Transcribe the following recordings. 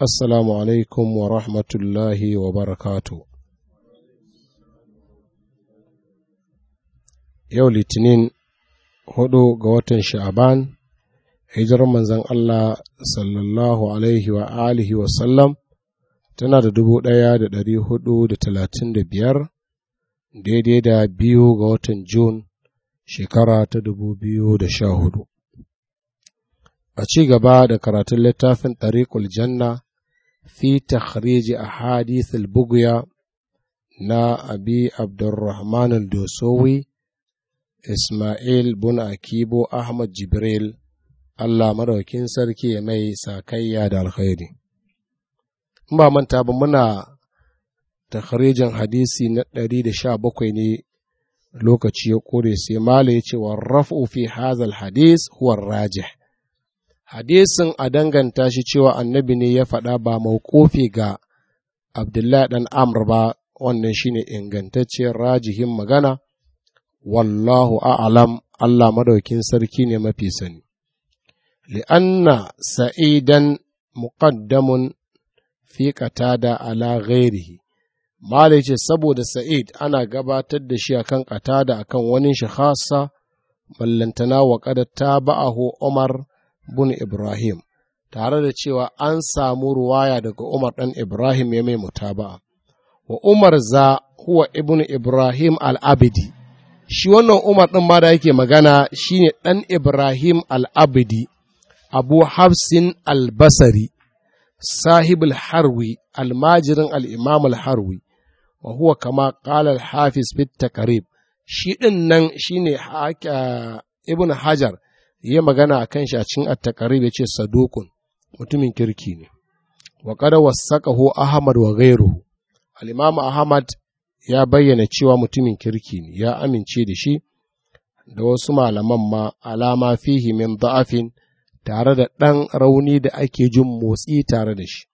Assalamu alaikum wa rahmatullahi wa barakatu. Yau Litinin hudu ga watan Sha'aban, hijirar manzan Allah sallallahu alaihi wa alihi wa sallam tana da dubu ɗaya da ɗari hudu da talatin da biyar daidai da biyu ga watan Jun shekara ta dubu biyu da sha hudu. A ci gaba da karatun littafin ɗari janna fi takhriji a al-bughya na abi abdurrahman al-dosowi ismail bin akibo ahmad jibril allah madaukin sarki ya mai sakayya da alkhairi in ba manta ba muna takharijin hadisi na ɗari da sha-bakwai ne lokaci ya kore sai mala ya ce wa raf'u fi hazal hadis huwa rajih hadisin a danganta shi cewa annabi ne ya faɗa ba maukofi ga abdullahi ɗan amr ba wannan shine ingantacciyar rajihin magana wallahu a'lam Allah madaukin sarki ne mafi sani li'anna sa'idan muƙaddamun fi qatada ala ghairihi malai ce saboda sa'id ana gabatar da shi akan qatada akan wani shi khasa ballantana wa qad tabahu umar bin Ibrahim, tare da cewa an samu ruwaya daga Umar ɗan Ibrahim ya mai mutaba'a. Wa Umar za huwa ibn Ibrahim al'abidi, shi wannan Umar ɗin ma da yake magana shi ne ɗan Ibrahim al'abidi, Abu Hafsin albasari, sahibul harwi, almajirin al'imam al-harwi, wa huwa kama ƙalar hafiz fit shi ɗin nan shi ne eh, ibn Hajar yi magana a kan shi a cikin attakarib ya ce sadukun mutumin kirki ne wa kada ho ahmad wa gairu Alimamu ahamad ahmad ya bayyana cewa mutumin kirki ne ya amince da shi da wasu malaman ma alama fihi min da'afin tare da ɗan rauni da ake jin motsi tare da shi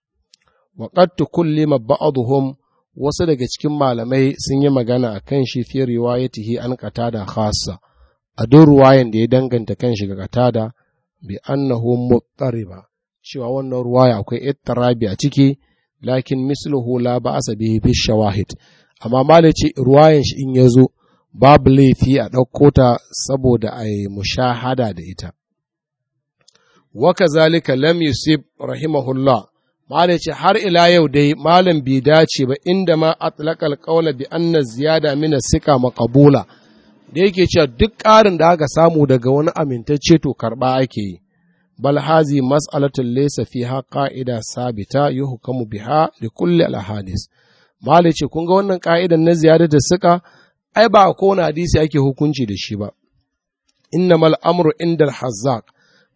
wa qad tukullima ba'dhum wasu daga cikin malamai sun yi magana a akan shi fi riwayatihi an da khassa a duk ruwayan da ya danganta kan shi ga katada bi annahu muqtariba cewa wannan ruwaya akwai ittarabi a ciki lakin misluhu la ba'sa bihi fi shawahid amma malaci ruwayan shi in yazo babu laifi a dauko ta saboda a mushahada da ita wa kazalika lam yusib rahimahullah malam har ila yau dai malam bai dace ba inda ma atlaqal qawla bi anna ziyada min sika maqbula da yake cewa duk ƙarin da aka samu daga wani amintacce to karɓa ake yi bal hazi mas'alatul laysa fiha qa'ida sabita yuhkamu biha li kulli al hadis malai kun ga wannan ka'idan na ziyada da suka ai ba ko na hadisi ake hukunci da shi ba innamal amru indal hazzaq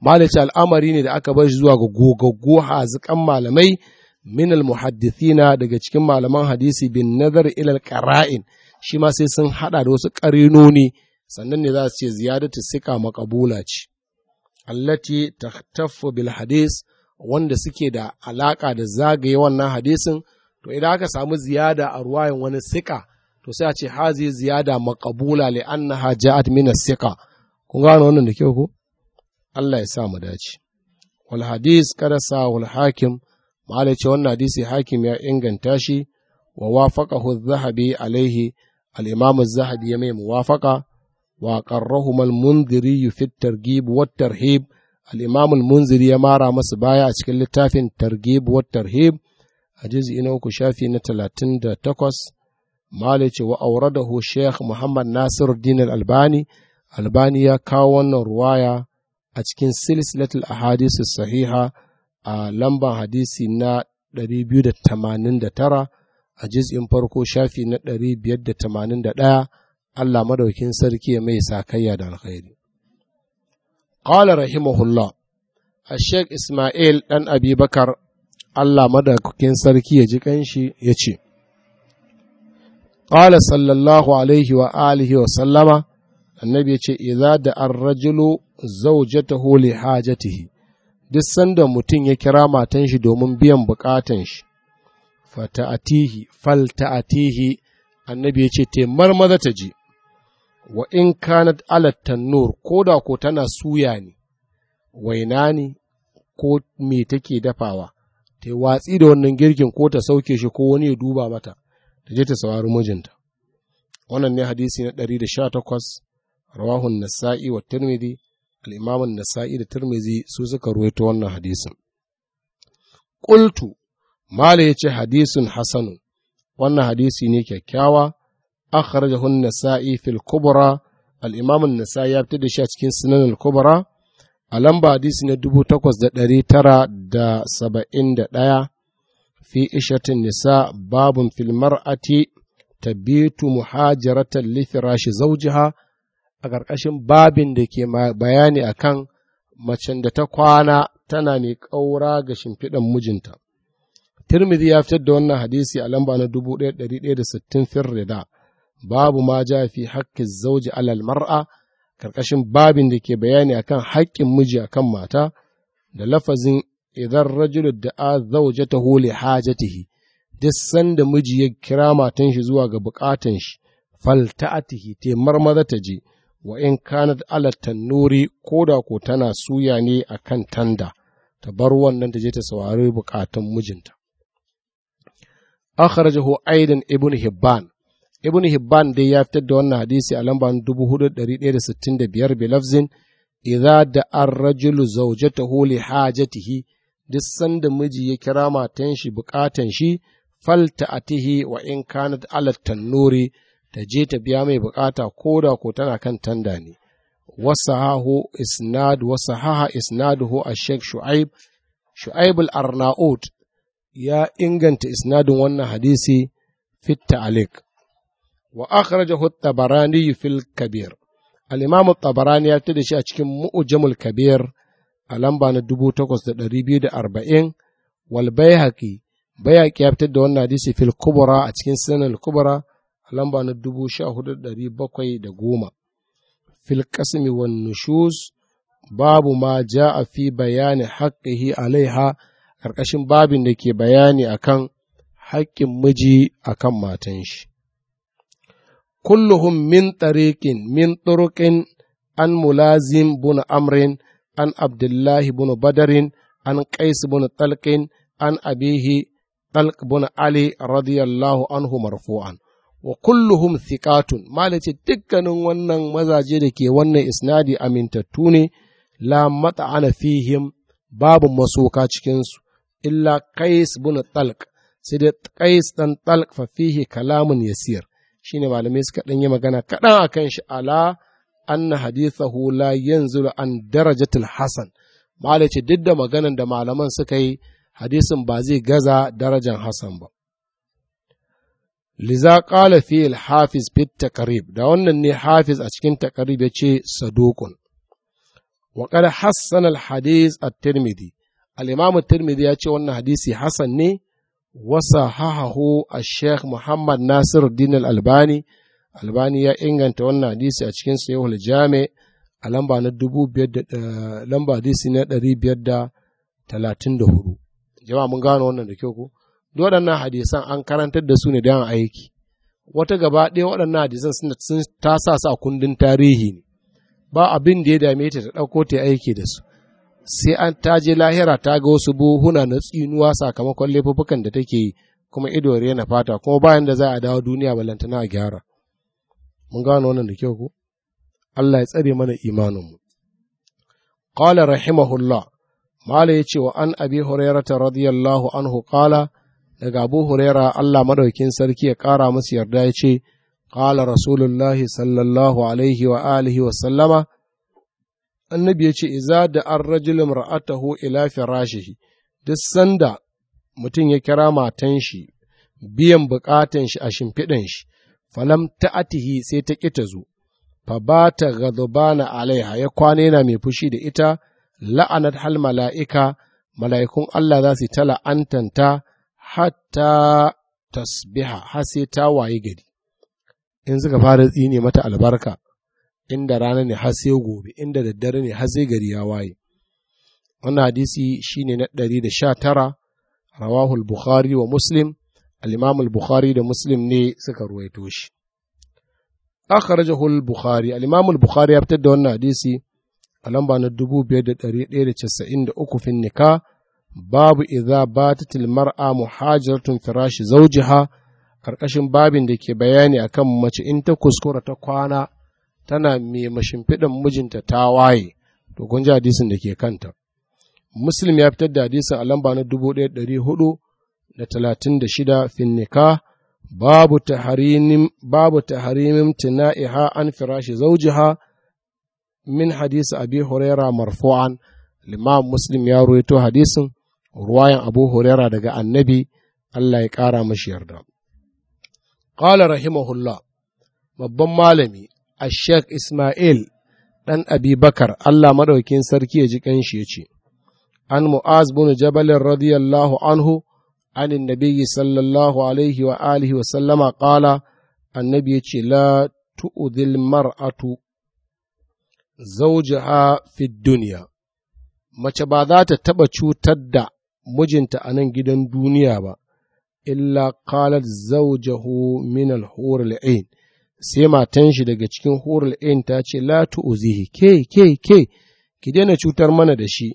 malai ce al'amari ne da aka bar zuwa ga gogaggo hazikan malamai min muhaddithina daga cikin malaman hadisi bin nazar ilal qara'in shi ma sai sun hada da wasu qarinoni sannan ne za su ce ziyadatu sika makabula ce allati tahtaffu bil hadis wanda suke da alaka da zagaye wannan hadisin to idan aka samu ziyada a ruwayan wani sika to sai a ce hazi ziyada makabula li annaha ja'at min as-sika kun gano wannan da kyau ko Allah ya sa mu dace wal hadis kada sa wal hakim Mala ce wannan hadisi hakim ya inganta shi wa wafaqahu zahabi alaihi al zahabi ya mai muwafaqa wa qarrahuma al-mundhiri fi at-targhib wa tarhib al munziri ya mara masu baya a cikin littafin targhib wa tarhib a juz'i na uku shafi na da takwas ce wa auradahu Sheikh Muhammad Nasir Din albani Albani ya kawo wannan ruwaya a cikin silsilatul ahadith sahiha a lamban hadisi na 289 a jiz'in farko shafi na 581 Allah madaukin sarki mai sakayya da alkhairi. Qala rahimahullah a Sheikh Ismail ɗan Abi Bakar Allah madaukin sarki ya ji ƙanshi ya ce, Qala sallallahu alaihi wa alihi wa sallama, annabi ya ce, Iza da an rajulu zaujata li hajatihi. duk sanda mutum ya kira matan shi domin biyan bukatan shi falta falta'atihi annabi ya ce te marmaza ta je wa in kanat alattan nur ko da ko tana suya ne waina ne ko me take dafawa ta watsi da wannan girkin ko ta sauke shi ko wani ya duba mata ta je ta saurari mijinta wannan ne hadisi na 118 rawahun nasa'i wa tirmidhi al'imamun nasa'i da turmizi su suka ruwaito wannan hadisin. Ƙultu, Mala ya ce hadisin Hassanu, wannan hadisi ne kyakkyawa, akhar da hun nasa'i fil kubura, al'imamun nasa'i ya fitar da shi a cikin sunan kubura, a lamba hadisi ne dubu takwas da ɗari tara da saba'in da ɗaya, fi ishatin nisa babun fil mar'ati tabitu muhajiratan li firashi zawjiha a ƙarƙashin babin da ke bayani a kan macen da ta kwana tana mai ƙaura ga shimfiɗan mijinta. Tirmidhi ya fitar da wannan hadisi a lamba na 1160 da babu ma ja fi haƙƙin zauji alal mar'a, ƙarƙashin babin da ke bayani a kan haƙƙin miji a kan mata, da lafazin idan rajulu da'a ta ta hajatihi, duk sanda miji ya kira matan shi zuwa ga buƙatan shi, falta'atihi te maza ta je. wa in kanat ala tannuri ko da ko tana suya ne a kan tanda ta bar wannan da je ta saurari bukatun mijinta jihu aidan ibn hibban ibn hibban dai ya fitar da wannan hadisi a lambar 4165 bi idza da an rajulu zawjatahu li hajatihi duk sanda miji ya kira matan shi bukatan shi falta atihi wa in kanat ala tannuri ta je ta biya mai bukata ko da ko tana kan tanda ne wasahahu isnad wasahaha ho ash-shaykh shu'aib shu'aib al ya inganta isnadin wannan hadisi fitta alik wa akhrajahu at-tabarani fil kabir al-imam at-tabarani ya tada shi a cikin mu'jamul kabir a lamba na arba'in wal bayhaqi bayhaqi ya fitar da wannan hadisi fil kubra a cikin sunan al-kubra lamba na dubu sha hudu ɗari bakwai da goma. Fil ƙasmi wa nushus babu ma ja a fi bayani haƙƙihi alaiha ƙarƙashin babin da ke bayani akan haƙƙin miji akan matan shi. Kulluhun min tariqin min an mulazim bun amrin an abdullahi bun badarin an ƙaisu bin talqin an abihi talq bin ali radiyallahu anhu marfu'an. wa kulluhum thiqatun malace dukkanin wannan mazaje da ke wannan isnadi amintattu ne la mat'ana fihim babu masoka cikin su illa qais bin talq sai da qais dan talq fa fihi kalamun yasir shine malamai suka dan yi magana kadan akan shi ala anna hadithahu la yanzulu an darajatil hasan malace duk da maganan da malaman suka yi hadisin ba zai gaza darajan hasan ba liza qala fi al-hafiz fit taqrib da wannan ne hafiz a cikin taqrib yace sadukun wa qad hassana al-hadith at-tirmidhi al-imam at-tirmidhi yace wannan hadisi hasan ne wa sahahahu al-sheikh muhammad nasiruddin al-albani albani ya inganta wannan hadisi a cikin sahihul jami' a lamba na dubu jama'a mun gano wannan da kyau ko waɗannan hadisan an karantar da su ne da aiki wata gaba ɗaya waɗannan hadisan sun ta sa su a kundin tarihi ne ba abin da ya dame ta ta ɗauko ta aiki da su sai an ta je lahira ta ga wasu buhuna na tsinuwa sakamakon laifukan da take yi kuma ido na fata kuma bayan da za a dawo duniya balantana a gyara mun gano wannan da kyau ko Allah ya tsare mana imaninmu qala rahimahullah mala yace wa an abi hurairata radiyallahu anhu qala daga abu huraira allah maɗaukin sarki ya ƙara masu yarda ya ce ƙala rasulullahi sallallahu alaihi wa alihi wa sallama annabi ya ce iza da an rajulun ra'atahu ila firashihi duk sanda mutum ya kira matan shi biyan bukatan shi a shimfiɗan shi falam ta'atihi sai ta ƙi ta zo fa ba ta alaiha ya kwana yana mai fushi da ita la'anat hal mala'ika mala'ikun Allah za su ta la'antanta hatta tasbiha har sai ta waye gari in suka fara tsine mata albarka inda rana ne har sai gobe inda daddare ne har sai gari ya waye wannan hadisi shine na 119 rawahu al-bukhari wa muslim al-imam al-bukhari da muslim ne suka ruwaito shi akhrajahu al-bukhari al-imam al-bukhari ya fitar da wannan hadisi a lamba na 2193 fin nikah babu idza batatil mar'a muhajiratun firashi zawjiha karkashin babin da ke bayani akan mace in ta kuskura ta kwana tana mai mashimfidan mijinta ta waye to kun ji hadisin da ke kanta muslim ya fitar da hadisin a lamba na 1436 fin nikah babu taharimin babu taharimin tina'iha an firashi zawjiha min hadisi abi huraira marfu'an limam muslim ya ruwaito hadisin ruwayan abu huraira daga annabi Allah ya ƙara mashi yarda. Ƙala rahimahullah, babban malami, Ashek Ismail ɗan Abi Bakar, Allah maɗaukin sarki ya ji ƙanshi ya ce, An Mu'az bin Jabalin radiyallahu anhu, an nabiyyi sallallahu alaihi wa alihi wa sallama ƙala, annabi ya ce, La tu'udhil mar'atu zaujaha fid duniya, mace ba za ta taɓa cutar da mijinta a nan gidan duniya ba, illa qalat zawjahu min al-hurul ain sai matan shi daga cikin horal ain ta ce "Latu, uzihi." ke ke ke ki daina cutar mana da shi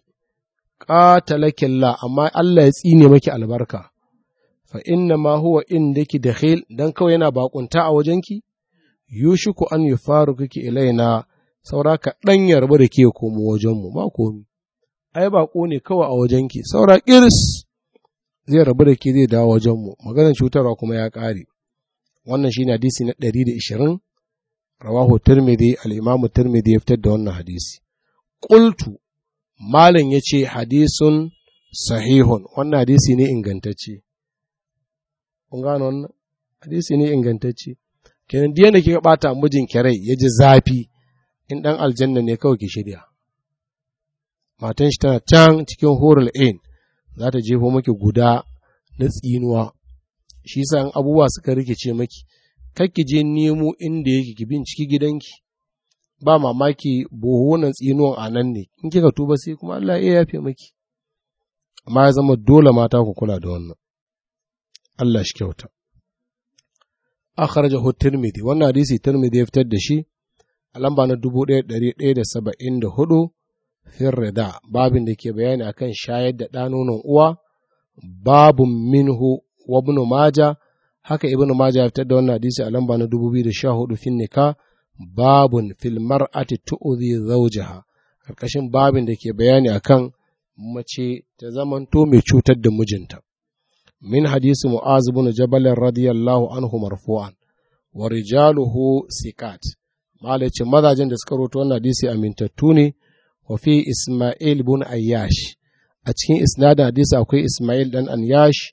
qatalakilla amma Allah ya tsine maki albarka fa inna ma huwa da dakhil dan kawai yana bakunta a wajenki yushiku an yufaruki ilaina saura ka dan yarba da ke komo wajenmu ba komi ai baƙo ne kawai a ki saura ƙirs zai rabu da ke zai dawo wajen wajenmu maganar cutarwa kuma ya ƙare wannan shi hadisi na ɗari da ishirin rawahu turmidi al'imamu turmidi ya fitar da wannan hadisi ƙultu malam yace ce hadisun sahihun wannan hadisi ne ingantacce kun gano wannan hadisi ne ingantacce kenan da kika bata mijin kirai ya ji zafi in ɗan aljanna ne kawai ki shirya matan shi tana can cikin horal ain za ta jefo maki guda na tsinuwa shi sa in abubuwa suka rikice maki Kar ki je nemo inda yake ki binciki gidanki ba mamaki na tsinuwan a nan ne in kika tuba sai kuma Allah ya yafe maki amma ya zama dole mata ku kula da wannan Allah shi kyauta akhrajahu tirmidhi wannan hadisi tirmidhi ya fitar da shi a lamba na 1174 firrida babin da ke bayani akan shayar da ɗa uwa babun minhu wa ibn maja haka ibn maja ya fitar da wannan hadisi a lamba na 2014 fin nika babun fil mar'ati tu'zi zawjaha karkashin babin da ke bayani akan mace ta zamanto mai cutar da mijinta min hadisi mu'az ibn jabal radiyallahu anhu marfu'an wa rijaluhu sikat malaci mazajen da suka rawaito wannan hadisi amintattu ne wa fi Ismail bin Ayyash a cikin isnadin hadisi akwai Ismail dan Ayyash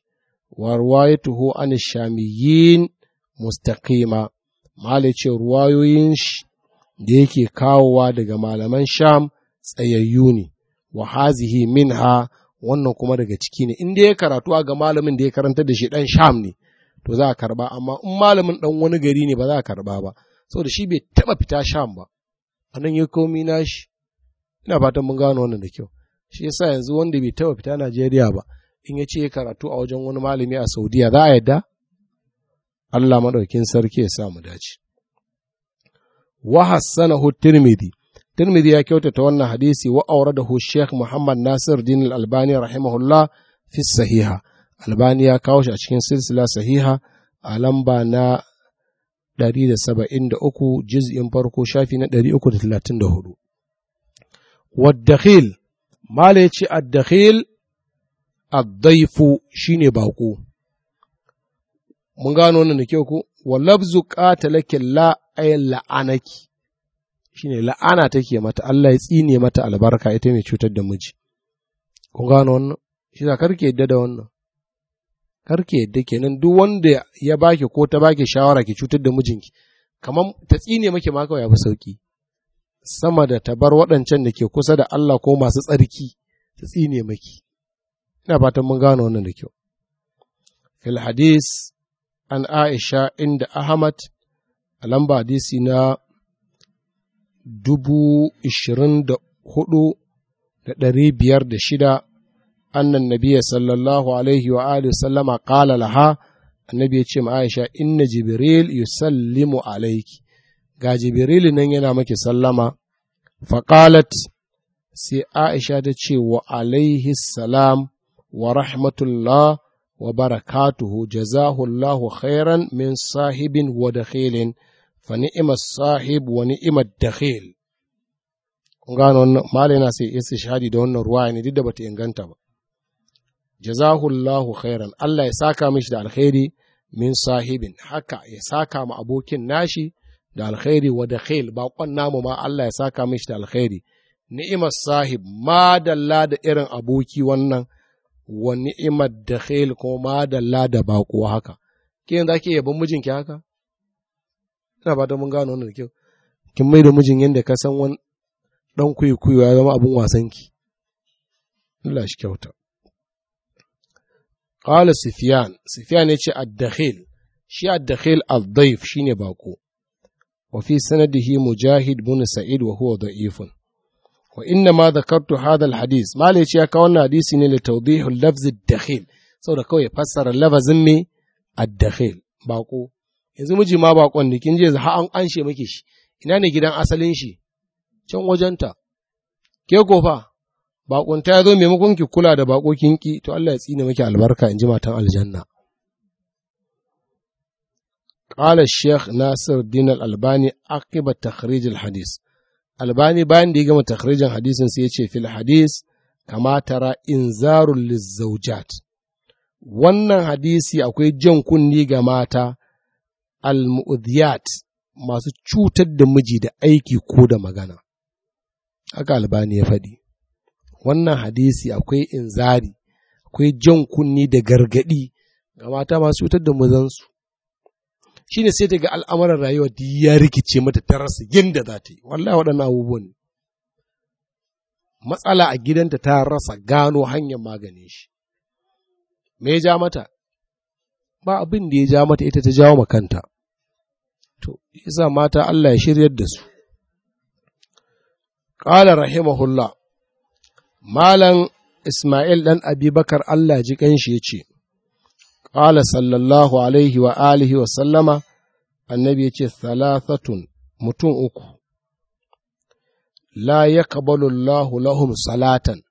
wa ruwayatuhu an shamiyyin mustaqima malice ruwayoyin shi da yake kawowa daga malaman Sham tsayayyu ne wa hazihi minha wannan kuma daga ciki ne in da ya karatu ga malamin da ya karanta da shi dan Sham ne to za a karba amma in malamin dan wani gari ne ba za a karba ba saboda shi bai taba fita Sham ba anan ya komi nashi ina fatan mun gano wannan da kyau shi yasa yanzu wanda bai taba fita Najeriya ba in ya ce ya karatu a wajen wani malami a Saudiya za a yadda Allah madaukin sarki ya sa mu dace wa hasanahu Tirmidhi Tirmidhi ya kyautata wannan hadisi wa auradahu Sheikh Muhammad Nasir Din Al-Albani rahimahullah fi sahiha Albani ya kawo shi a cikin silsila sahiha a lamba na 173 juz'in farko shafi na 334 والدخيل ما ya الدخيل الضيف شيني shi ne baƙo. Mun gano wannan da kyau ku, walabzu ƙatalakin la'ayin la'anaki, shi ne la'ana take mata, Allah ya tsine mata albarka ita cutar da miji. Kun gano wannan? Shi za karki yadda da wannan. Karki yadda kenan duk wanda ya baki ko ta baki shawara ki cutar da mijinki, kamar ta tsine maki ma kawai ya fi sauki. sama da ta bar waɗancan da ke kusa da Allah ko masu tsarki ta tsine maki ina fatan mun gano wannan da kyau fil hadis an aisha inda ahmad a lamba hadisi na dubu ishirin da hudu da ɗari biyar da shida annan nabiya sallallahu alaihi wa alihi sallama kala laha annabi ya ce ma aisha inna jibril yusallimu alaiki ga jibrilu nan yana maki sallama faƙalat sai aisha ta ce wa alaihi salam wa rahmatullah wa barakatuhu jazahullahu khairan min sahibin wa dakhilin fa ni'imar sahib wa ni'imar dakhil kun gano wannan malai na sai istishhadi da wannan ruwa ne duk da bata inganta ba jazahullahu khairan Allah ya saka mishi da alkhairi min sahibin haka ya saka ma abokin nashi da alkhairi wa da dakhil bakon namu ma Allah ya saka mishi da alkhairi ni'imar sahib madalla da irin aboki wannan wa ni'imar dakhil ko madalla da baƙo haka ke yanzu ake yabon mijinki haka ina ba mun gano wannan da kyau kin mai da mijin yadda ka san wani dan kuyi ya zama abun wasan ki Allah shi kyauta قال سفيان سفيان yace الدخيل dakhil shi الضيف dakhil ad bako وفي سنده مجاهد بن سعيد وهو ضعيف وإنما ذكرت هذا الحديث ما ليش يا كون حديثي لتوضيح اللفظ الدخيل سو كوي فسر اللفظ مي الدخيل باقو yanzu miji ma bakon ne kin je ha an anshe miki shi ina ne gidan asalin shi can wajenta ke ko fa bakunta ya zo maimakon ki kula da bako kin ki to Allah ya tsine miki albarka in ji matan aljanna قال الشيخ ناصر الدين الألباني عقب تخريج الحديث الألباني بان دي قام تخريج الحديث سيتشي في الحديث كما ترى إنذار للزوجات wannan hadisi akwai jan kunni ga mata almu'udiyat masu cutar da miji da aiki ko da magana haka albani ya faɗi wannan hadisi akwai inzari akwai jan kunni da gargaɗi ga mata masu cutar da mazansu Shi ne sai daga al'amuran rayuwa duk ya rikice mata ta rasa yadda za ta yi wallahi waɗannan abubuwan matsala a gidanta ta rasa gano hanyar maganin shi me ya ja mata ba abin da ya ja mata ita ta jawo makanta to yasa mata Allah ya shiryar da su qala rahimahullah malam Isma'il ɗan Abibakar Allah ji ƙanshi ya ce, Ƙala sallallahu alaihi wa alihi wa sallama, annabi ya ce, Thalathatun mutum uku, la ya kabalullahu lahum salatan,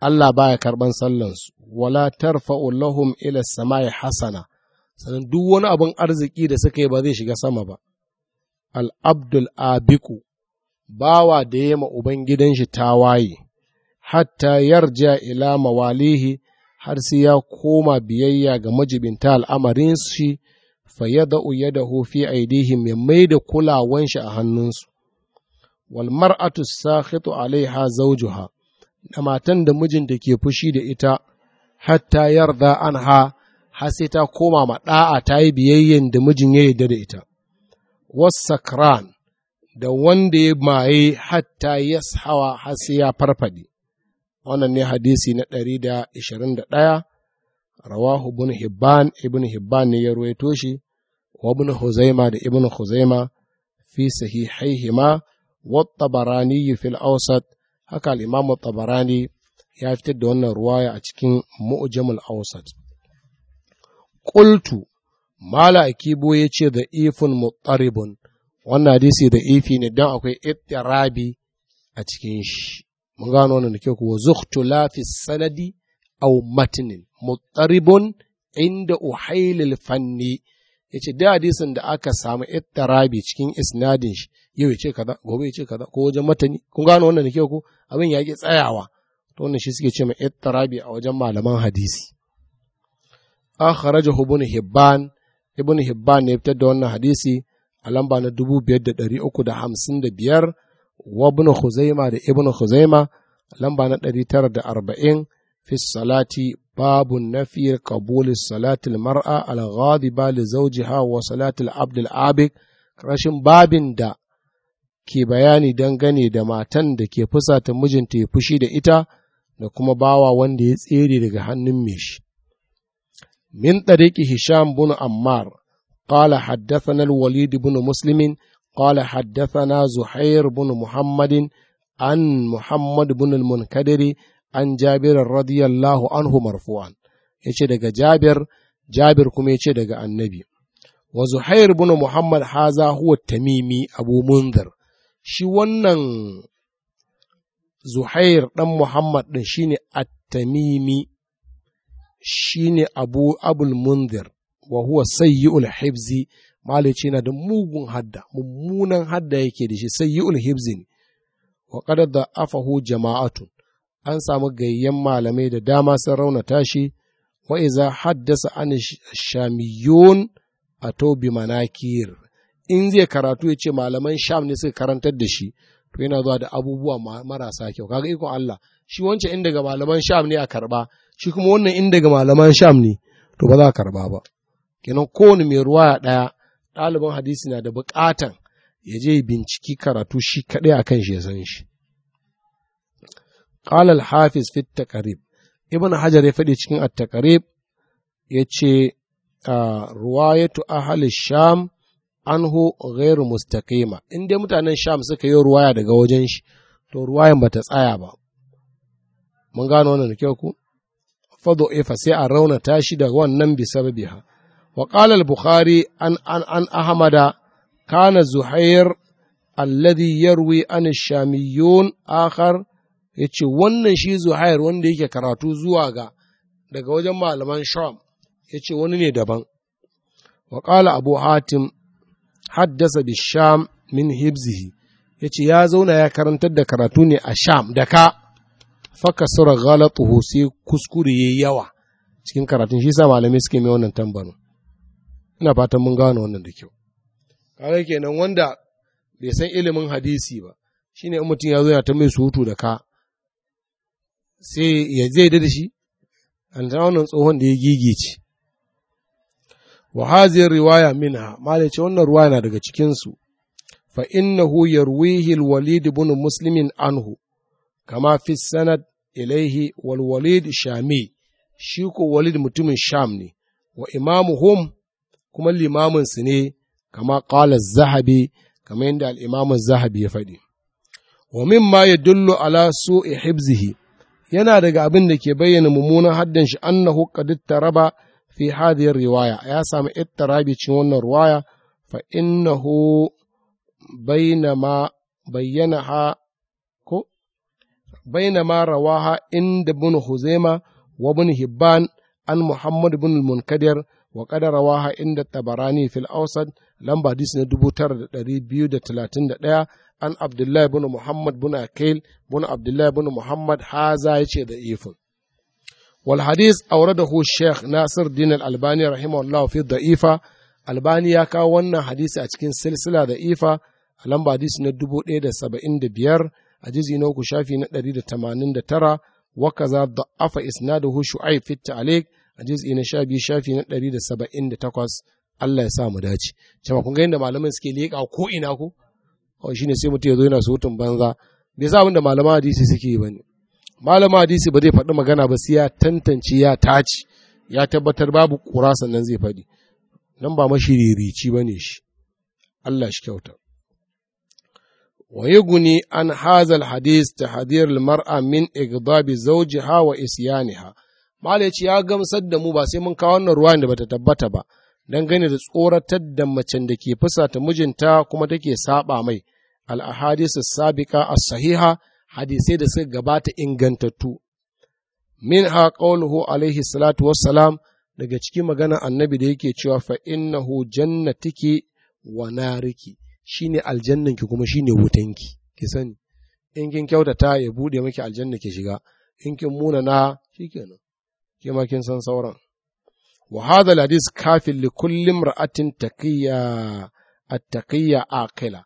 Allah ba ya karɓan sallansu, wala tarfa'u lahum ila samai hasana, sannan duk wani abin arziki da suka yi ba zai shiga sama ba. Al'abdul abiku, bawa da ya ma ta waye. hatta yarja ila mawalihi har sai ya koma biyayya ga majibinta al'amarin shi fa ya dahu fi aidihim ya mai da kulawan shi a hannunsu. Wal mar'atu sakhitu alaiha zawjuha da matan da mijinta ke fushi da ita hatta yarda anha har sai ta koma ma ɗa'a ta yi biyayyen da mijin ya yarda da ita. Wasakran da wanda ya maye hatta yashawa har sai ya farfade. wannan ne hadisi na ɗari da ishirin da ɗaya rawahu ibn hibban ibn hibban ne ya ruwaito shi wa ibn huzaima da ibn huzaima fi sahihaihima wa tabarani fil awsat haka al-imam tabarani ya fitar da wannan ruwaya a cikin mu'jamul awsat qultu mala akibo yace da ifun muttaribun wannan hadisi da ifi ne dan akwai ittirabi a cikin shi mun gano wannan da kyau kuwa zuhtu la fi sanadi aw matnin mutaribun inda uhailil fanni yace da hadisin da aka samu ittarabi cikin isnadin shi yau yace kaza gobe yace kaza ko wajen matani kun gano wannan da kyau ko abin ya ki tsayawa to wannan shi suke ce mai ittirabi a wajen malaman hadisi akhrajahu ibn hibban ibn hibban ne fitar da wannan hadisi a lamba na 2355 wa ibn da ibn Khuzaima lamba na tara 940 fi salati babu nafi qabul salati mar'a al ghadiba li zawjiha wa salati al abd rashin babin da ke bayani dangane da matan da ke fusata mijinta ya fushi da ita da kuma bawa wanda ya tsere daga hannun mai shi min tariqi hisham bin ammar haddasa حدثنا walidi bunu مسلم قال حدثنا زحير بن محمد عن محمد بن المنكدر عن جابر رضي الله عنه مرفوعا yace daga Jabir Jabir kuma yace daga Annabi wa Zuhair ibn Muhammad haza huwa Tamimi Abu Munzir shi wannan Zuhair dan Muhammad din shine At-Tamimi shine Abu Abul Munzir wa huwa sayyi'ul hifzi malici na da mugun hadda mummunan hadda yake da shi sai yi'ul hibzin wa qad da afahu jama'atun an samu gayyan malamai da dama sun raunata shi wa iza haddasa an shamiyun a tobi manakir in zai karatu ya ce malaman sham ne suka karantar da shi to yana zuwa da abubuwa marasa kyau kaga ikon Allah shi wancan inda daga malaman sham ne a karba shi kuma wannan inda daga malaman sham ne to ba za a karba ba kenan kowane mai ruwa ɗaya ɗaliban hadisi na da buƙatan ya je binciki karatu shi kaɗai a kan shi ya san shi. Qala al-Hafiz fit taqrib Ibn Hajar ya faɗi cikin at ya yace ruwayatu ahli Sham anhu ghairu mustaqima in dai mutanen Sham suka yi ruwaya daga wajen shi to ruwayan ta tsaya ba mun gano wannan da kyau ku ifa sai a raunata shi daga wannan bisa biha. وقال البخاري عن عن عن أحمد كان زهير الذي يروي عن الشاميون آخر wannan shi Zuhair wanda yake karatu zuwa ga daga wajen malaman Sham yace wani ne daban wa qala Abu Hatim haddasa bisham Sham min hibzihi yace ya zauna ya karantar da karatu ne a Sham da ka faka sura ghalatuhu sai kuskure yayi yawa cikin karatun shi sa malamai suke mai wannan tambarin ina fatan mun gano wannan da kyau kare kenan wanda bai san ilimin hadisi ba shine in mutum ya zo ya ta mai surutu da ka sai ya zai da shi an wannan tsohon da ya gigice wa hazir riwaya minha malai ce wannan ruwa yana daga cikin su fa innahu yarwihi al-walid ibn muslimin anhu kama fi sanad ilaihi wal shami shi ko walid mutumin sham ne wa imamuhum kuma limaminsu ne kama ƙalar zahabi kamar yadda al'imamin zahabi ya faɗi. Wa ma ya dullu ala su'i hibzihi yana daga abin da ke bayyana mummunan haddan shi annahu qad ittaraba fi hadhihi riwaya ya samu ittirabi cin wannan riwaya fa innahu bayyana ha ko bainama rawaha inda ibn Huzaima wa bin Hibban an Muhammad ibn munkadir wa kadara waha inda tabarani fil ausad lamba dis na dubu tara da ɗari biyu da talatin da ɗaya an abdullahi bin muhammad bin akil bin abdullahi bin muhammad haza ya ce da ifin wal hadis hu sheikh nasir din al-albani rahimahullah fi da'ifa albani ya kawo wannan hadisi a cikin silsila da ifa a lamba hadisi na dubu ɗaya da saba'in da biyar a jizi na uku shafi na ɗari da tamanin da tara waka da afa isnaduhu shu'aib fit ta'alik a jiz'i na sha biyu shafi na ɗari da saba'in da takwas Allah ya sa mu dace cewa kun ga yadda malaman suke leƙa ko ina ko kawai ne sai mutum ya zo yana surutun banza bai sa abinda malaman hadisi suke yi ba ne. malaman hadisi ba zai faɗi magana ba sai ya tantance ya tace ya tabbatar babu kura sannan zai faɗi nan ba mashiririci ne shi Allah shi kyauta ويغني عن هذا الحديث تحذير المرأة من إغضاب زوجها وإسيانها Mala ce ya gamsar da mu ba sai mun kawo wannan ruwan da bata tabbata ba, dangane da tsoratar da macen da ke fusata mijinta kuma take saba mai, ahadisu sabika a sahiha hadisai da suka gabata ingantattu. Min ha qawluhu alaihi salatu wassalam daga cikin maganar annabi da yake cewa fa innahu jannatiki wa nariki shine aljannanki kuma shine wutanki ki sani in kin kyautata ya bude miki aljanna ki shiga in kin muna na shikenan ke ma kin san sauran wa hadha kafin li kulli imra'atin taqiyya at-taqiyya aqila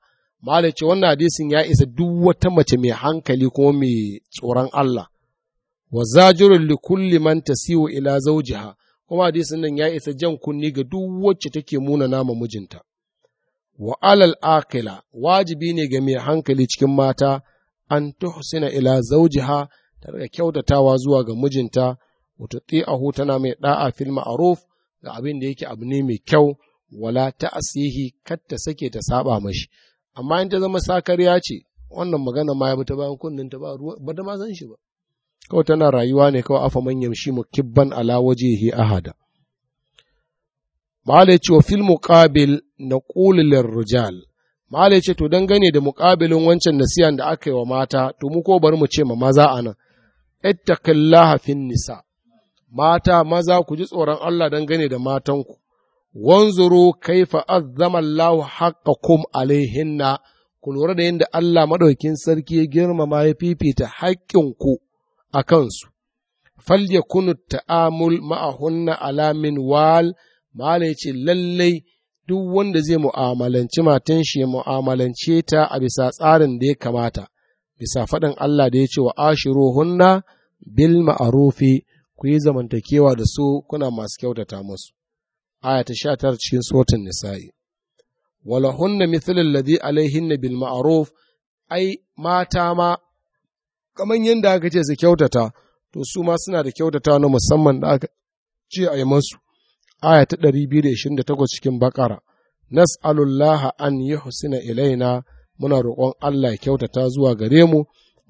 malai ce wannan hadisin ya isa duk wata mace mai hankali kuma mai tsoron Allah wa zajirun li kulli man ila zawjiha kuma hadisin nan ya isa jan kunni ga duk wacce take muna nama mijinta wa alal aqila wajibi ne ga mai hankali cikin mata an tuhsina ila zawjiha ta kyautatawa zuwa ga mijinta وتطيعه na mai ɗa'a fil المعروف ga abin da yake abu ne mai kyau wala ta asihi kar ta sake ta saba mashi amma in ta zama sakarya ce wannan magana ma ya bi ta bayan kunnin ta ba ruwa ma san shi ba kawai tana rayuwa ne kawai afa manyan shi mu kibban ala wajhihi ahada malai ce wa fil muqabil naqulu lirrijal malai ce to dangane da muqabilin wancan nasiyan da aka yi wa mata to mu ko bari mu ce ma maza anan ittaqillaha fin nisa' mata maza ku ji tsoron Allah don gane da matanku, wanzuru kaifa azzamallahu kum alaihinna ku lura da yadda Allah maɗaukin sarki ya girmama ya fifita haƙƙinku a kansu. kunu ta'amul ma'ahunna alamin wal, mala lallai duk wanda zai mu'amalanci matan shi mu'amalance ta a bisa tsarin da ya kamata, bisa faɗin Allah da ya ce wa ashiruhunna bil ma'arufi ku yi zamantakewa da su kuna masu kyautata musu aya ta sha tara cikin sotin nisa'i walahunna Mithilin ladhi alaihinna bil ma'ruf ai mata ma kamar yadda aka ce su kyautata to su ma suna da kyautata na musamman da aka ce a yi masu aya ta takwas cikin bakara nas'alullaha an yi husina ilaina muna roƙon Allah ya kyautata zuwa gare mu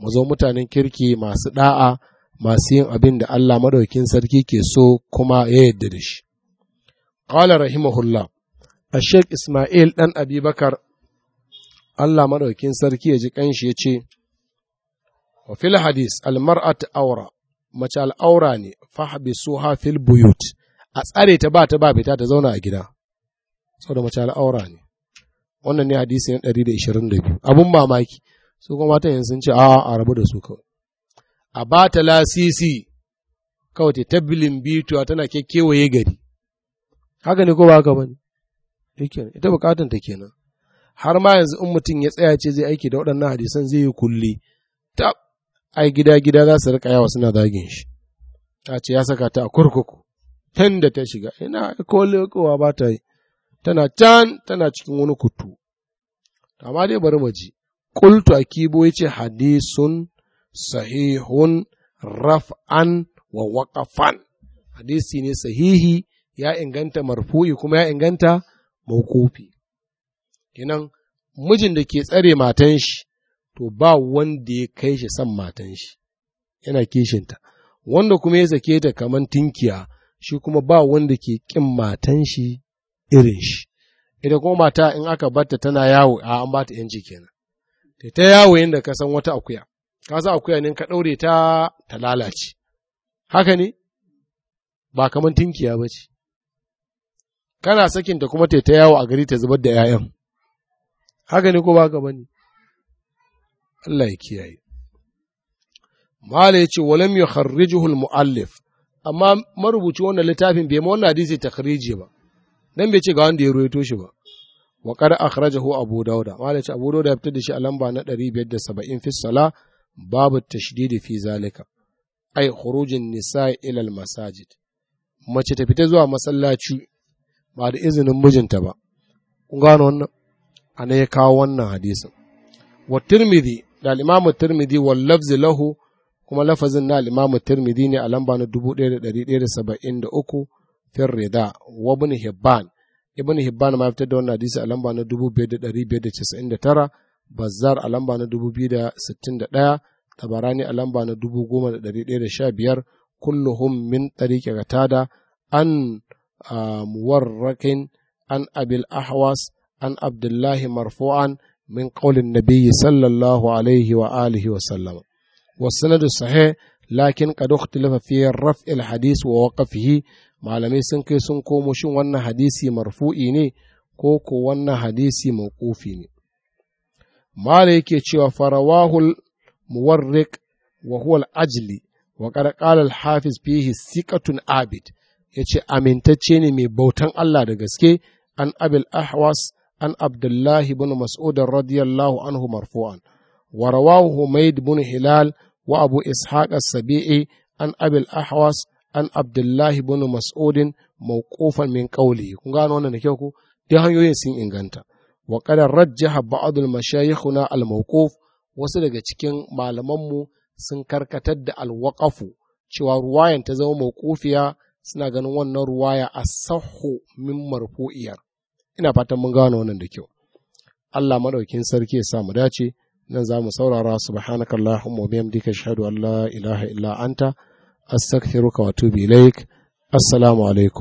mu zo mutanen kirki masu da'a masu yin abin da Allah maɗaukin sarki ke so kuma ya yadda da shi. Ƙala rahimahullah, a Sheikh Ismail ɗan Abi Bakar, Allah maɗaukin sarki ya ji ƙanshi ya ce, Wa fil hadis, almar'at aura, mace al'aura ne, fahabi ha fil buyut, a tsare ta ba ta ba fita ta zauna a gida, saboda mace al'aura ne. Wannan ne hadisi na ɗari da da ishirin biyu, abun mamaki, su kuma matan sun ce, a a rabu da su kawai. a ba ta lasisi kawai ta tabbilin bituwa tana kewaye gari haka ne ko ba haka bane ne. ita bukatun ta kenan har ma yanzu in mutum ya tsaya ce zai aiki da waɗannan hadisan zai yi kulle. ta ai gida gida za su rika yawa suna zagin shi ta ce ya saka ta a kurkuku tan da ta shiga ina kowa ba ta yi tana can tana cikin wani kutu amma dai bari mu ji Kibo ya ce hadisun sahihun raf'an wa waƙafan hadisi ne sahihi ya inganta marfu'i kuma ya inganta maukufi kenan mijin da ke tsare matan shi to ba wanda ya kai shi son matan shi yana kishinta wanda kuma ya sake ta kaman tinkiya shi kuma ba wanda ke ƙin matan shi irin shi ita kuma mata in aka batta tana yawo a an bata yanci kenan ta ta yawo da ka san wata akuya ka sa akuya ne ka ɗaure ta ta lalace haka ne ba kamar tinkiya ba ce kana sakinta kuma ta ta yawo a gari ta zubar da 'ya'yan haka ne ko ba gaba ne Allah ya kiyaye mala ya ce walam ya kharrijuhul mu'allif amma marubuci wannan littafin bai ma wannan hadisi takhriji ba dan bai ce ga wanda ya ruwaito shi ba wa qad akhrajahu abu dauda mala ya ce abu dauda ya fitar da shi a lamba na 570 fi sala babu tashdidi fi zalika ai khurujin nisa'a ila masajid mace ta fita zuwa masallaci ba da izinin mijinta ba kun gano wannan ana ya kawo wannan hadisin wa tirmidhi da al-imam tirmidhi wal lafzi lahu kuma lafazin na al-imam tirmidhi ne a lamba na 1173 fi rida wa ibn hibban ibn hibban ma fitar da wannan hadisi a lamba na 2599 Bazzar a lamba na 2061, Tabarani a lamba na 10115, kulluhum min tariqi Qatada an muwarrakin an Abil Ahwas an Abdullahi marfu'an min qaulin nabiyyi sallallahu alaihi wa alihi wa sallam. lakin الصحيح لكن قد اختلف في رفع الحديث ووقفه malamai sun kai sun komo shin wannan hadisi marfu'i ne ko ko wannan hadisi mawqufi ne mala yake cewa farawahul muwarriq wa huwa ajli wa qad hafiz fihi siqatun abid yace amintacce ne mai bautan Allah da gaske an abil ahwas an Abdullahi ibn mas'ud radiyallahu anhu marfu'an wa rawahu humaid ibn hilal wa abu ishaq as-sabi'i an abil ahwas an abdullah ibn mas'ud mawqufan min qawli kun gano wannan da kyau ku dai hanyoyin sun inganta wa qad rajjaha ba'd al-mashayikhuna al-mawquf wasu daga cikin malamanmu sun karkatar da alwaƙafu cewa ruwayan ta zama mawqufiya suna ganin wannan ruwaya a sahu min marfu'iyar ina fatan mun gano wannan da kyau Allah madaukin sarki ya sa mu dace nan za mu saurara subhanaka allahumma wa bihamdika ashhadu an la ilaha illa anta astaghfiruka wa atubu ilaik alaikum